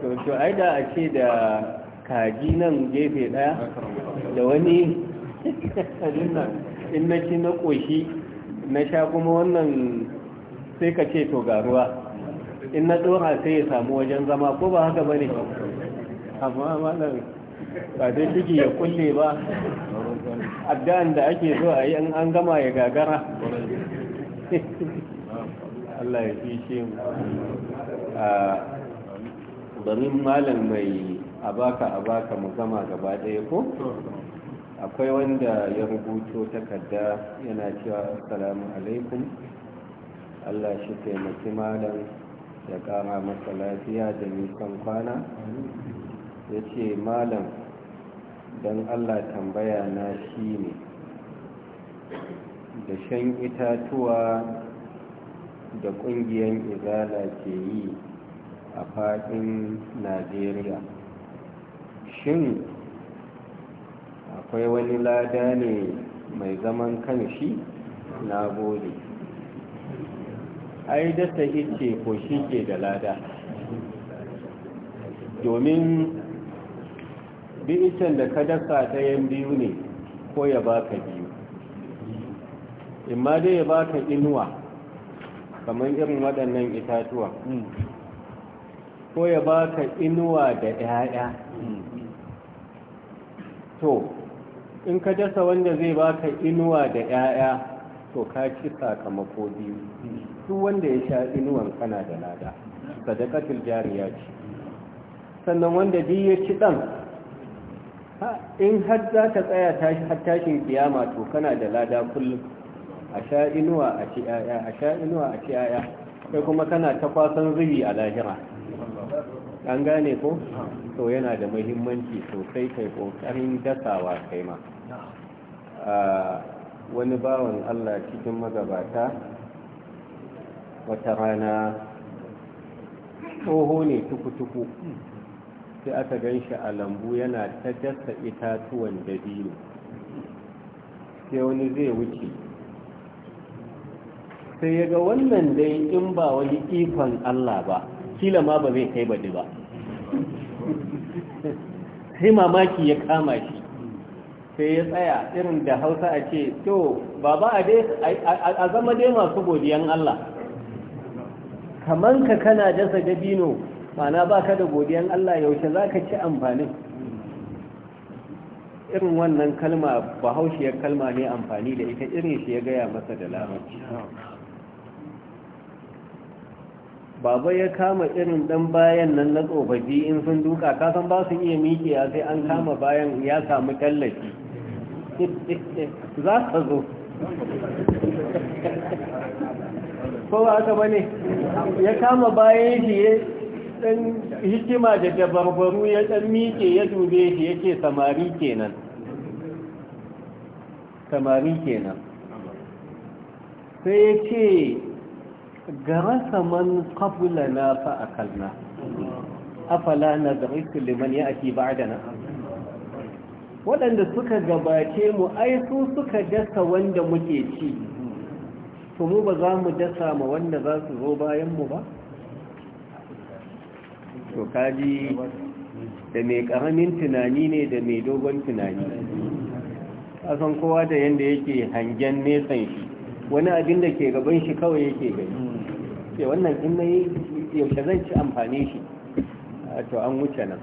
to to ai da a ce da kaji nan gefe daya da wani in na ci na koshi na sha kuma wannan sai ka ce to garuwa, ruwa in na tsoha sai ya samu wajen zama ko ba haka bane amma malam ba zai shigi ya kulle ba addu'an da ake so a yi an gama ya gagara Allah ya fi shi mu ah, barin malam mai abaka abaka mu gama gaba ɗaya ko akwai wanda ya rubuto takarda yana cewa assalamu alaikum allah shi taimaki malam ya ƙara masa lafiya da nisan kwana ya ce malam don allah tambaya na shi ne da shan itatuwa da ƙungiyar izala ke yi a faɗin najeriya shin akwai wani lada ne mai zaman kanshi na gode ai ta ce ko shi ke da lada domin bi'icen da ka dasa ɗayan biyu ne ko ya baka biyu imma dai ya baka inuwa kamar irin waɗannan itatuwa hmm. ko ya baka inuwa da ɗaya to in ka dasa wanda zai baka inuwa da ɗaya to ka ci sakamako biyu su wanda ya sha inuwan kana da lada sadakatul jariya ce sannan wanda biyu ya ci ɗan in har za ka tsaya tashin kiyama to kana da lada kullum a sha inuwa a ci ɗaya a sha inuwa a ci yaya sai kuma kana ta kwasan zubi a lahira an gane ko to yana da muhimmanci sosai kai kokarin dasawa kai ma wani bawan Allah cikin magabata wata rana tsoho ne tukutuku. tuku sai aka gan shi a lambu yana ta dasa itatuwan dabino sai wani zai wuce sai ya ga wannan dai in ba wani ikon Allah ba kila ma ba zai kai ba ba sai mamaki ya kama shi sai ya tsaya irin da hausa a ce to baba a zama dai masu godiyan Allah Kamar ka kana dasa dabino mana ba ka da godiyan Allah yaushe za ka ci amfanin irin wannan kalma bahaushe kalma ne amfani da ita irin shi ya gaya masa da lamarci baba ya kama irin dan bayan nan na tsofaffi in sun duka san ba su iya ya sai an kama bayan ya samu tallafi za ka zo ko ba aka bane ya kama bayan shi ya dan hikima da dabarbaru ya dan miƙe ya dube shi ce samari kenan samari kenan sai ya ce ga man kabula na fa'akalna afala na da rikin liman ya ake ba da na waɗanda suka gabace mu aisu suka dasa wanda muke ci to mu ba za mu dasa ma wanda za su zo bayanmu ba to kaji da mai ƙaramin tunani ne da mai dogon tunani kasan kowa da yadda yake hangen nesan shi wani abin da ke gaban shi kawai yake gani ce wannan in na yi zan ci amfani shi to an wuce nan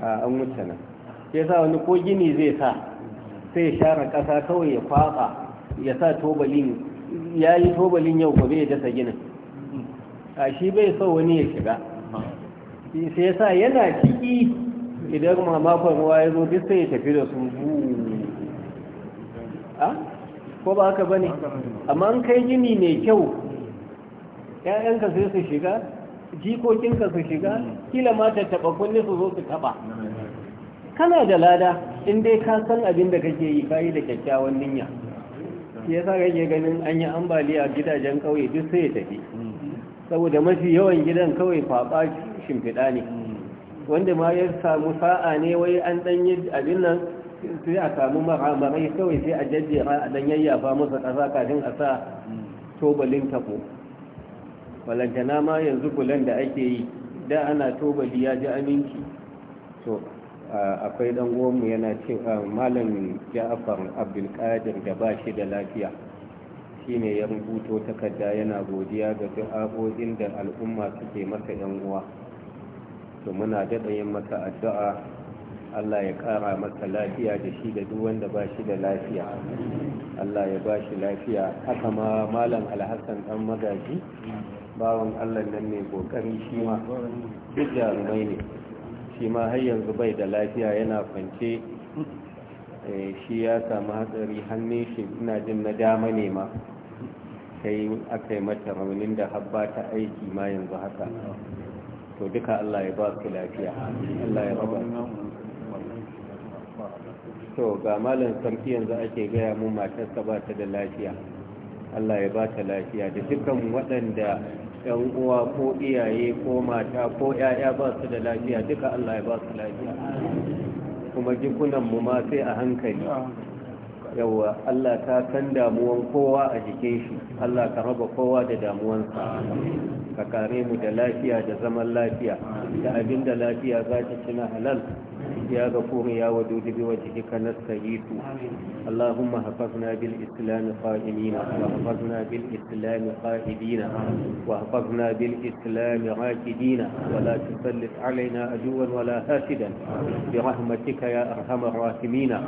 an wuce nan ya sa wani ko gini zai sa sai ya share ƙasa kawai ya kwaka ya sa tobalin ya yi tobalin yau gobe ya dasa ginin a shi bai so wani ya shiga sai ya sa yana ciki idan makon ruwa ya zo duk sai ya tafi da sun ko ba haka bane amma an kai gini mai kyau ƴaƴanka sai su shiga jikokinka su shiga kila ma ta taɓa kunne su zo su taɓa kana da lada in dai ka san abin da kake yi kayi da kyakkyawan niyya shi yasa kake ganin an yi ambaliya gidajen kauye duk sai ya tafi saboda mafi yawan gidan kawai faɓa shimfiɗa ne wanda ma ya samu sa'a ne wai an ɗan yi abin nan sai a samu maramari, kawai sai a jajjera a ɗan yayyafa masa ƙasa kafin a sa tobalin taɓo falantana ma yanzu kulan da ake yi da ana toba ya ji aminci to akwai dan mu yana ce malam ja'afar abdulkadir da ba shi da lafiya Shi shine ya rubuto takarda yana godiya ga du'a'o'in da al'umma suke masa yan uwa to muna daɗa yin masa addu'a Allah ya ƙara masa lafiya da shi da duk wanda ba shi da lafiya Allah ya ba shi lafiya haka ma malam alhassan dan magaji bawon allah nan ne kokari shi ma duk jarumai ne shi ma har yanzu bai da lafiya yana kwance eh, shi ya samu hatsari hannun shi ina jin na dama ne ma sai aka yi mata raunin da habba ta aiki ma yanzu haka to duka allah ya ba su lafiya allah ya raba to ga malam sarki yanzu ake gaya mu matarsa ba ta da lafiya allah ya ba ta lafiya da dukan waɗanda yan uwa ko iyaye ko mata ko yaya ba su da lafiya duka Allah ya ba su lafiya kuma jikunan mu ma sai a hankali yawa Allah ta san damuwan kowa a jikin shi Allah ka raba kowa da damuwansa ka kare mu da lafiya da zaman lafiya da abin da lafiya za ta cina halal yaga gafuru ya wadudu bi wace hika na sahihu Allahumma hafazna bil islami qa'imina wa hafazna bil islami qa'idina wa hafazna bil islami raqidina wa la tusallit alaina ajuwan wa la hasidan bi rahmatika ya arhamar rahimina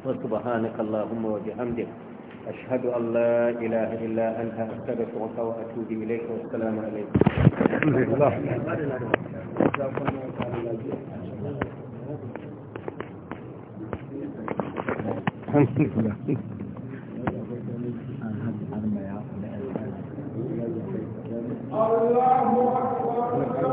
wa subhanaka Allahumma wa bihamdik أشهد أن لا إله إلا أنها أستغفر وأتوب إليك والسلام عليكم الله أكبر